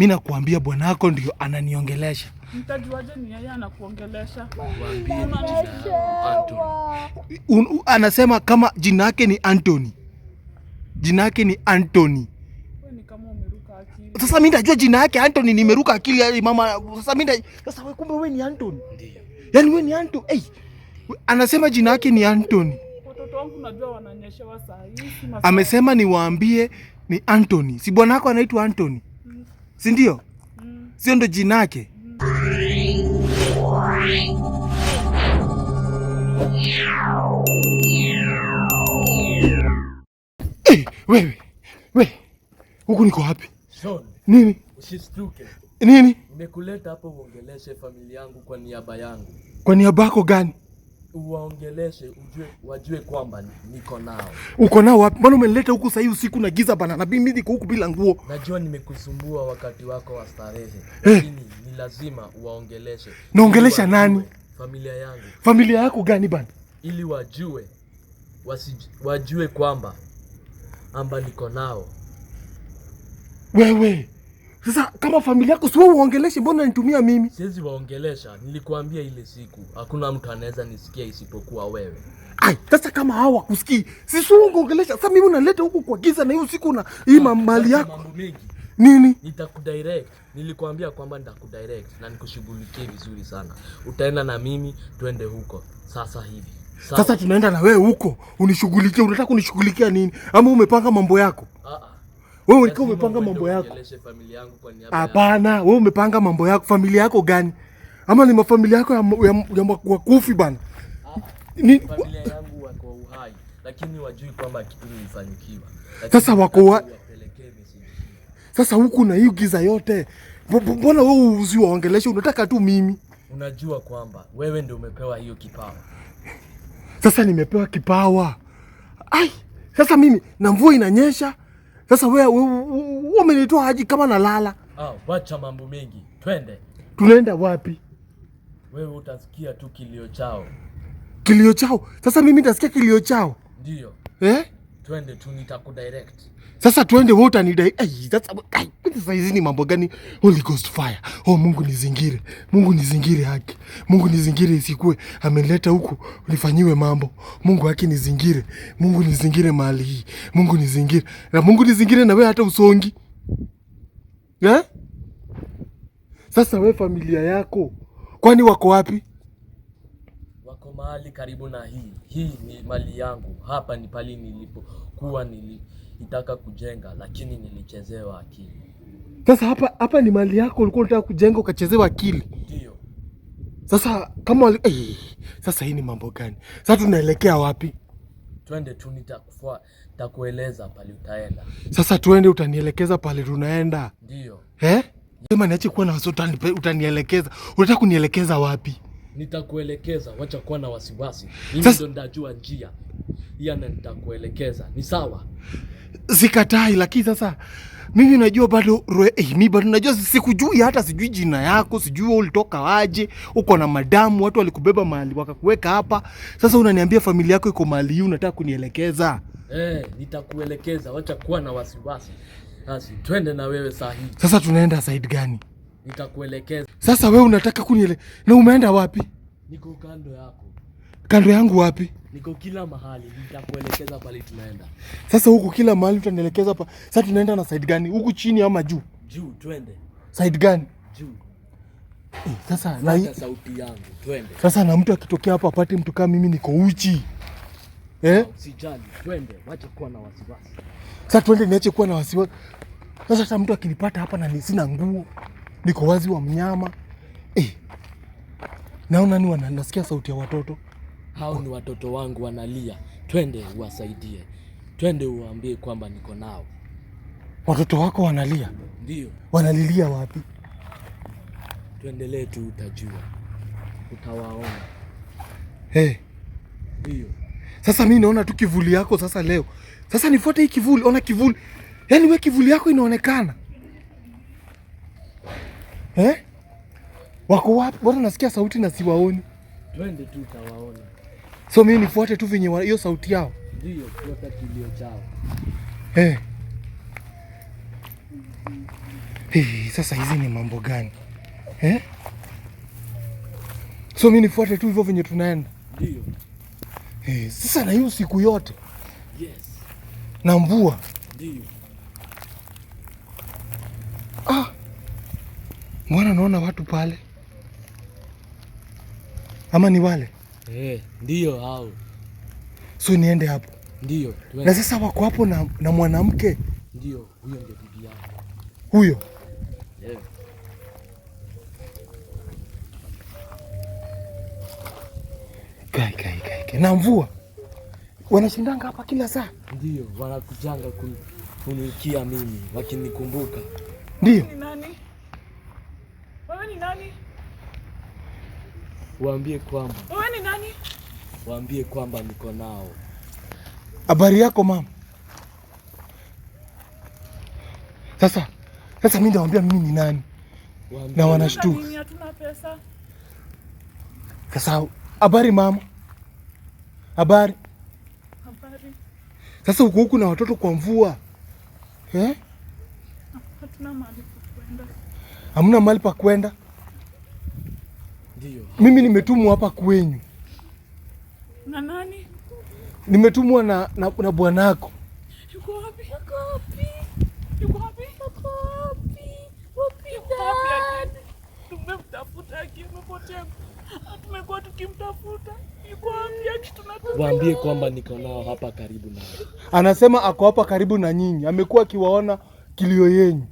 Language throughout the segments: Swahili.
mi nakuambia bwanako ndio ananiongelesha. Anasema kama jina yake ni Antoni, jina yake ni Antoni. Sasa mi ndajua jina yake Antoni, nimeruka akili yale mama. Sasa mi sasa, kumbe wewe ni Antoni, yaani we ni Anto. Hey, anasema jina yake ni Antoni. Amesema niwaambie ni Antoni, si bwanako anaitwa Antoni? si ndio? Mm. Sio ndo jina yake? Eh, wewe we, huku niko wapi? Nini? Usistuke. Nini? Nimekuleta hapo uongeleshe familia yangu kwa niaba yangu. Kwa niaba yako gani? uwaongeleshe ujue, wajue kwamba niko nao. Uko nao wapi? Mbona umenileta huku sahii usiku na giza bana, na mimi niko huku bila nguo. Najua nimekusumbua wakati wako wa starehe, eh. lakini ni lazima uwaongeleshe. Naongelesha nani? Familia yangu. Familia yako gani bana? Ili wajue wasi, wajue kwamba amba niko nao. Wewe sasa kama familia yako siwe uongeleshe, mbona nitumia mimi? Siwezi waongelesha, nilikuambia ile siku hakuna mtu anaweza nisikia isipokuwa wewe. Ai, sasa kama hawa wakusikii, sisi uongelesha. Sasa mimi unaleta huku kwa giza na hiyo siku na hii ah, mali yako. Mambo mengi. Nini? Nitakudirect. Nilikuambia kwamba nitakudirect na nikushughulikie vizuri sana. Utaenda na mimi twende huko sasa hivi. Sasa, sasa tunaenda na wewe huko unishughulikie. Unataka kunishughulikia nini? Ama umepanga mambo yako? Ah. ah. Wewe ulikuwa umepanga mambo yako. Hapana, wewe umepanga mambo yako, familia yako gani? Ama ni mafamilia yako ya, ya, ya ya wakufi bana? Ah, ni familia yangu wako uhai, lakini wajui kwamba kitu kimefanikiwa. Sasa wako sasa huku na hiyo giza yote. Mbona wewe uuzi waongeleshe? Unataka tu mimi. Unajua kwamba wewe ndio umepewa hiyo kipawa. Sasa nimepewa kipawa. Ai, sasa mimi na mvua inanyesha sasa wewe umenitoa haji kama nalala. Ah, wacha mambo mengi. Twende. Tunaenda wapi? Wewe utasikia tu kilio chao. Kilio chao? Sasa mimi nitasikia kilio chao? Ndio. Eh? Twende tu nitakudirect. Sasa tuende wote anidai. Sasa hizi ni mambo gani? Holy Ghost fire. Oh, Mungu nizingire, Mungu nizingire haki, Mungu nizingire isikue ameleta huku nifanyiwe mambo. Mungu haki nizingire, Mungu nizingire mali hii, Mungu nizingire na Mungu nizingire na wewe hata usongi yeah? Sasa we familia yako kwani wako wapi? Wako mahali karibu na hii. Hii ni mali yangu, hapa ni pali nilipokuwa nilipo nitaka kujenga, lakini nilichezewa akili. Sasa hapa hapa ni mali yako, ulikuwa unataka kujenga ukachezewa akili, ndio? Sasa kama wali... Hey, sasa hii ni mambo gani? Sasa tunaelekea wapi? Twende tu, nitakufua nitakueleza pale utaenda. Sasa twende, utanielekeza pale tunaenda, ndio? Eh, sema niache kuwa na wasiwasi, utanielekeza. Unataka kunielekeza wapi? nitakuelekeza, wacha kuwa na wasiwasi. Mimi ndo ndajua njia yana, nitakuelekeza ni sawa. Sikatai, lakini sasa mimi najua bado eh, mi bado najua, sikujui hata sijui jina yako, sijui ulitoka waje, uko na madamu, watu walikubeba mahali wakakuweka hapa. Sasa unaniambia familia yako iko mahali hii, unataka kunielekeza? Eh, nitakuelekeza, wacha kuwa na wasiwasi. Basi twende na wewe saa hii. Sasa tunaenda side gani? nitakuelekeza. Sasa wewe unataka kuniele na umeenda wapi? Niko kando yako. Kando yangu wapi? Niko kila mahali, nitakuelekeza pale tunaenda. Sasa huku kila mahali utanielekeza hapa. Sasa tunaenda na side gani? Huku chini ama juu? Juu, twende. Side gani? Juu. Eh, sasa na sauti yangu, twende. Sasa na mtu akitokea hapa apate mtu kama mimi niko uchi. Eh? Ah, usijali, twende. Wacha kuwa na wasiwasi. Sasa twende niache kuwa na wasiwasi. Sasa hata mtu akinipata hapa na sina nguo niko wazi wa mnyama eh. Naona ni nasikia sauti ya watoto hao Ni watoto wangu wanalia, twende uwasaidie, twende uwaambie kwamba niko nao. Watoto wako wanalia? Ndio. Wanalilia wapi? Tuendelee tu, utajua, utawaona. Hey. Eh. Ndio. Sasa mi naona tu kivuli yako sasa leo. Sasa nifuate hii kivuli, ona kivuli, yaani we kivuli yako inaonekana Eh? Wako wapi? Bora nasikia sauti na siwaoni. Twende tu tawaona. So mimi nifuate tu venye hiyo sauti yao. Ndio, fuata kilio chao. Eh. Hey, sasa hizi ni mambo gani? Eh? So mimi nifuate tu hivyo venye tunaenda. Ndio. Eh, Hey, sasa na hiyo siku yote. Yes. Na mvua. Ndio. Mbona naona watu pale, ama ni wale? Eh, ndio hao. So niende hapo? Ndio. Na sasa wako hapo na, na mwanamke? Ndio, huyo ndio bibi yao. Huyo eh. Kai, kai, kai, kai. Na mvua wanashindanga hapa kila saa? Ndio, wanakujanga kunikia mimi wakinikumbuka. Ndio. Nani? ni nani? Waambie kwamba. Wewe ni nani? Waambie kwamba niko nao. Habari yako mama? Sasa sasa mimi ndawaambia mimi ni nani? Waambie. Na wanashtuka. Mimi hatuna pesa. Sasa habari mama? Habari. Habari. Sasa uko huku na watoto kwa mvua. Eh? Hatuna mahali pa kwenda hamna mahali pa kwenda. Ndio. Mimi nimetumwa hapa kwenyu na nani? Nimetumwa na, na, na bwanako. Yuko wapi? Yuko wapi? Yuko wapi? Yuko wapi? Yuko wapi? Tumemtafuta akimepotea. Tumekuwa tukimtafuta. Yuko wapi? Akituna. Waambie kwamba niko nao hapa karibu na. Anasema ako hapa karibu na nyinyi. Amekuwa akiwaona kilio yenyu.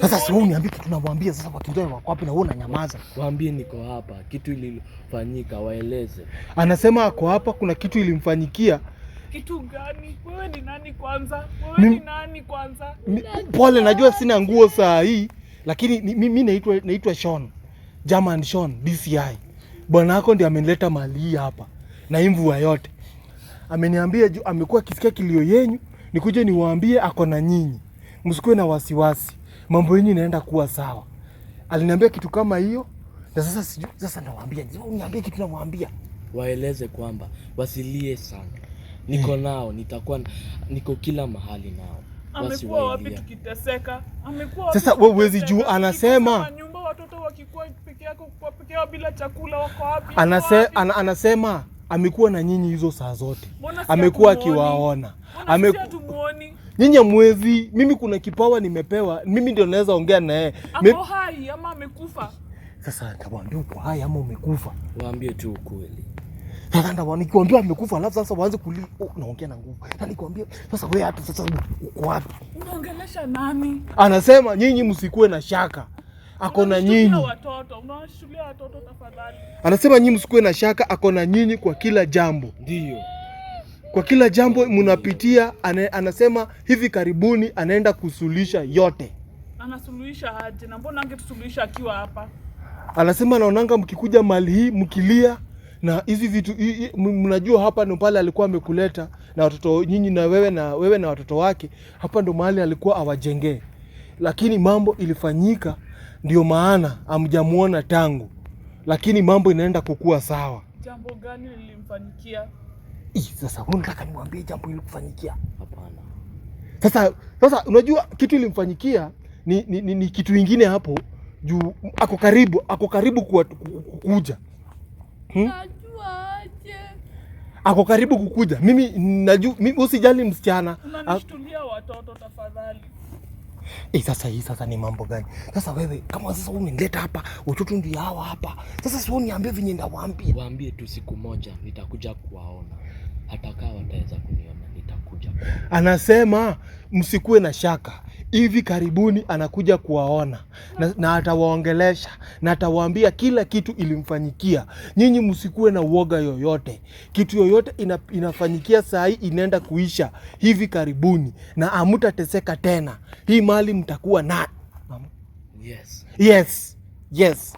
Sasa si uniambie kitu tunamwambia sasa, wako wapi na wewe unanyamaza? Waambie niko hapa, kitu ilifanyika, waeleze. Anasema ako hapa, kuna kitu ilimfanyikia. Kitu gani? Wewe ni nani kwanza? Wewe ni nani kwanza? Pole, najua sina nguo saa hii, lakini mimi naitwa naitwa Sean. German Sean DCI. Bwana wako ndiye amenileta mali hii hapa na mvua yote. Ameniambia amekuwa akisikia kilio yenyu, nikuje niwaambie ako na nyinyi msikuwe na wasiwasi, mambo yenyu inaenda kuwa sawa. Aliniambia kitu kama hiyo, na sasa sijui sasa nawaambia niambie kitu, namwambia waeleze kwamba wasilie sana, eh. niko nao, nitakuwa niko kila mahali nao. Amekuwa wapi tukiteseka? Amekuwa wapi? Sasa wewe huwezi juu, anasema nyumba, watoto wakikuwa peke yako kwa peke yao bila chakula, wako wapi? Anase, an, anasema amekuwa na nyinyi hizo saa zote, amekuwa akiwaona, amekuwa nyinyi hamwezi. Mimi kuna kipawa nimepewa, mimi ndio naweza ongea naye. Ako hai ama amekufa? Sasa nitamwambia uko hai ama umekufa? Waambie tu ukweli. Sasa ndio nikiwaambia amekufa, alafu sasa waanze kuli oh, naongea na nguvu. Na nikwambia sasa, wewe hata sasa uko wapi? Unaongelesha nani? Anasema nyinyi msikuwe na shaka. Ako na nyinyi. Watoto, watoto unawashughulia tafadhali. Anasema nyinyi msikuwe na shaka, ako na nyinyi kwa kila jambo. Ndio kwa kila jambo mnapitia, anasema hivi karibuni anaenda kusuluhisha yote. Anasuluhisha aje? Na mbona angetusuluhisha akiwa hapa? Anasema naonanga mkikuja mali hii mkilia na hizi vitu mnajua, hapa ndo pale alikuwa amekuleta na watoto nyinyi na wewe na wewe na watoto wake, hapa ndo mahali alikuwa awajengee, lakini mambo ilifanyika, ndio maana amjamuona tangu, lakini mambo inaenda kukua sawa. Jambo gani lilimfanyikia? Sasa unataka nimwambie jambo hili kufanyikia? Hapana. Sasa sasa, unajua kitu ilimfanyikia ni, ni, ni, ni kitu ingine hapo juu, ako karibu, ako karibu kukuja hmm? Ako karibu kukuja. Mimi najua mimi, usijali msichana. Unanishtulia watoto tafadhali. Eh, sasa hii sasa ni mambo gani? Sasa wewe kama sasa umenileta hapa, watoto ndio hawa hapa. Sasa sio niambie vinyenda waambie. Waambie tu siku moja nitakuja kuwaona hata kaa wataweza kuniona nitakuja. Anasema msikuwe na shaka, hivi karibuni anakuja kuwaona na, na atawaongelesha na atawaambia kila kitu ilimfanyikia. Nyinyi msikuwe na uoga yoyote, kitu yoyote ina, inafanyikia saa hii inaenda kuisha hivi karibuni, na amutateseka tena. Hii mali mtakuwa na yes. Yes. Yes.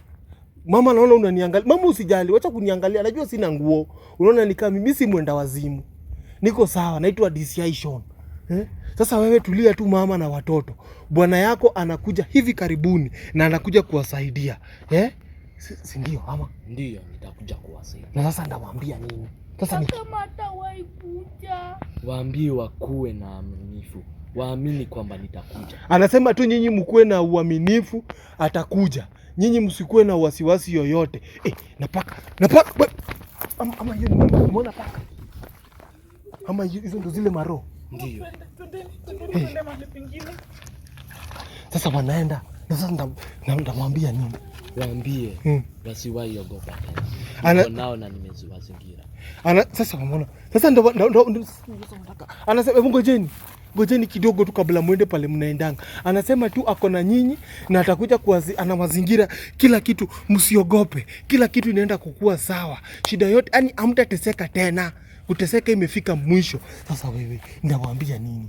Mama, naona unaniangalia. Mama, usijali, wacha kuniangalia, najua sina nguo. Unaona nikaa mimi si mwenda wazimu, niko sawa, naitwa DCI Sean eh? Sasa wewe tulia tu mama na watoto, bwana yako anakuja hivi karibuni na anakuja kuwasaidia eh? Si ndio ama ndio? Nitakuja kuwasaidia na sasa ndawambia nini sasa? Ni... waambie wakuwe na aminifu waamini kwamba nitakuja. Anasema tu nyinyi mkuwe na uaminifu, atakuja nyinyi msikuwe na wasiwasi yoyote. Eh, napaka napaka ama, ama hiyo ni mbona paka ama hizo ndo zile maro ndio. Eh. Sasa wanaenda na sasa nda, ndamwambia nini? Waambie hmm, wasiwaiogopa ana nao na nimeziwazingira ana sasa, umeona sasa ndo ndo ndo sasa, anasema ngojeni ngojeni kidogo tu kabla mwende pale mnaendanga. Anasema tu ako na nyinyi na atakuja kuwazi, ana mazingira kila kitu, msiogope, kila kitu inaenda kukua sawa, shida yote yani amtateseka tena, kuteseka imefika mwisho. Sasa wewe ndawaambia nini?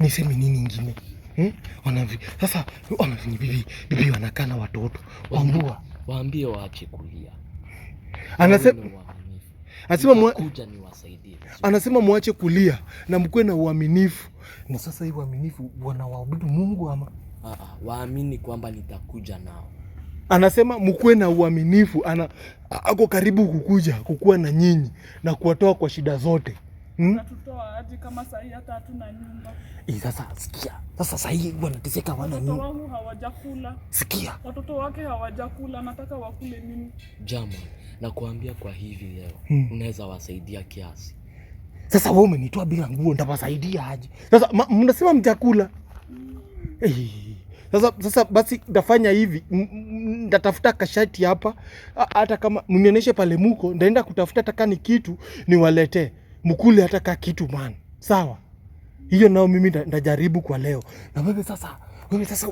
Niseme nini ingine eh? Hmm? Wanavi sasa wanavi bibi bibi wanakaa na watoto wambua, waambie waache kulia, anasema anasema mwa... kuja niwasaidie anasema mwache kulia na mkuwe na uaminifu. Na sasa hii uaminifu wanawaabudu Mungu ama ah, waamini kwamba nitakuja nao. Anasema mkuwe na uaminifu, ana ako karibu kukuja kukuwa na nyinyi na kuwatoa kwa shida zote hmm? Kama sahi hata hatuna nyumba. Ii, eh, sasa sikia. Sasa sahi wanateseka wana nini? Watoto wangu hawajakula. Sikia. Watoto wake hawajakula, nataka wakule nini? Jamani, nakuambia kwa hivi leo, hmm. Unaweza wasaidia kiasi sasa wewe umenitoa bila nguo, ndawasaidia aje? Sasa mnasema mtakula. Hey, eh, sasa, sasa basi ndafanya hivi, ndatafuta kashati hapa, hata kama mnionyeshe pale muko, ndaenda kutafuta hata kani kitu niwaletee mkule, hata ka kitu man. Sawa, hiyo nao mimi ndajaribu kwa leo na wewe sasa mimi sasa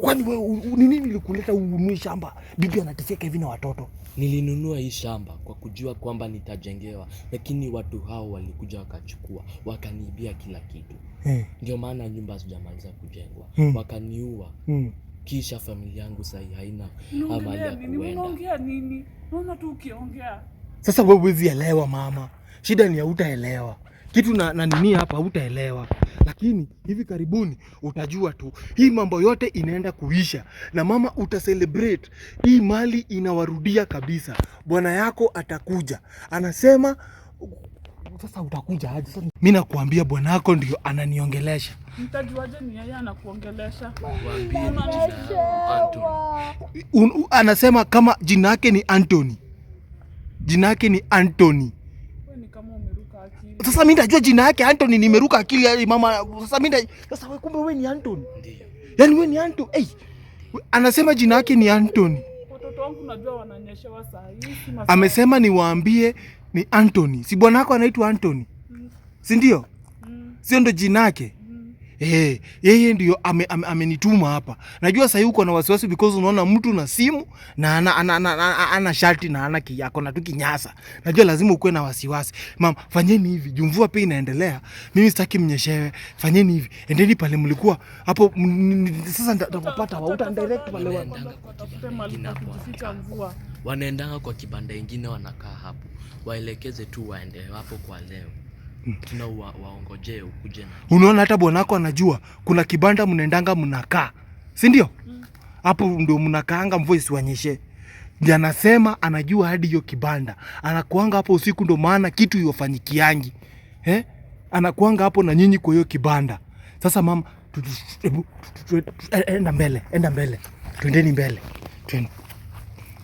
kwani wewe ni nini ilikuleta ununue shamba? Bibi anateseka hivi na watoto. Nilinunua hii shamba kwa kujua kwamba nitajengewa, lakini watu hao walikuja wakachukua, wakaniibia kila kitu. Ndio maana nyumba sijamaliza kujengwa. Hmm. Wakaniua. Hmm. Kisha familia yangu sasa haina amali ya kuenda. Unaongea nini? Naona tu ukiongea. Sasa wewe huwezi elewa mama. Shida ni hautaelewa. Kitu na, na nini hapa hautaelewa lakini hivi karibuni utajua tu hii mambo yote inaenda kuisha, na mama uta celebrate hii mali inawarudia kabisa. Bwana yako atakuja anasema sasa utakuja aje? Mimi nakuambia bwana yako ndio ananiongelesha. Mtajuaje ni yeye anakuongelesha? Anasema kama jina yake ni Anthony, jina yake ni Anthony. Sasa mimi najua jina yake Anthony, nimeruka akili mama. Sasa mimi sasa, wewe kumbe wewe ni Anthony. Ndio. Yaani wewe ni Anthony. Eh. Anasema jina yake ni Anthony. Watoto wangu najua wananyeshewa saa hii. Amesema niwaambie ni Anthony. Si bwana wako anaitwa Anthony. Mm. Si ndio? Mm. Sio ndo jina yake? Eh, yeye ndio amenituma ame, ame hapa. Najua sasa uko na wasiwasi because unaona mtu na simu na ana, ana, ana, ana, ana ana sharti na ana kiako na tu kinyasa. Najua lazima ukuwe na wasiwasi. Mama, fanyeni hivi. Jumvua pia inaendelea. Mimi sitaki mnyeshewe. Fanyeni hivi. Endeni pale mlikuwa hapo sasa nitakupata wa uta direct pale wa. Wanaendanga kwa kibanda ingine wanakaa hapo. Waelekeze tu waende hapo kwa leo tuna wa, ukuje na. Unaona hata bwanako anajua kuna kibanda mnaendanga mnakaa, si ndio? Mm. Hapo mm. ndio mnakaanga mvua isiwanyeshe. Anasema anajua hadi hiyo kibanda, anakuanga hapo usiku, ndo maana kitu iwafanyikiangi eh? Anakuanga hapo na nyinyi kwa hiyo kibanda. Sasa mama, enda mbele, enda mbele, twendeni mbele, twendeni.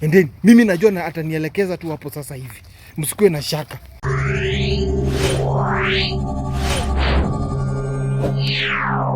Endeni, mimi najua na atanielekeza tu hapo sasa hivi, msikue na shaka. Meow.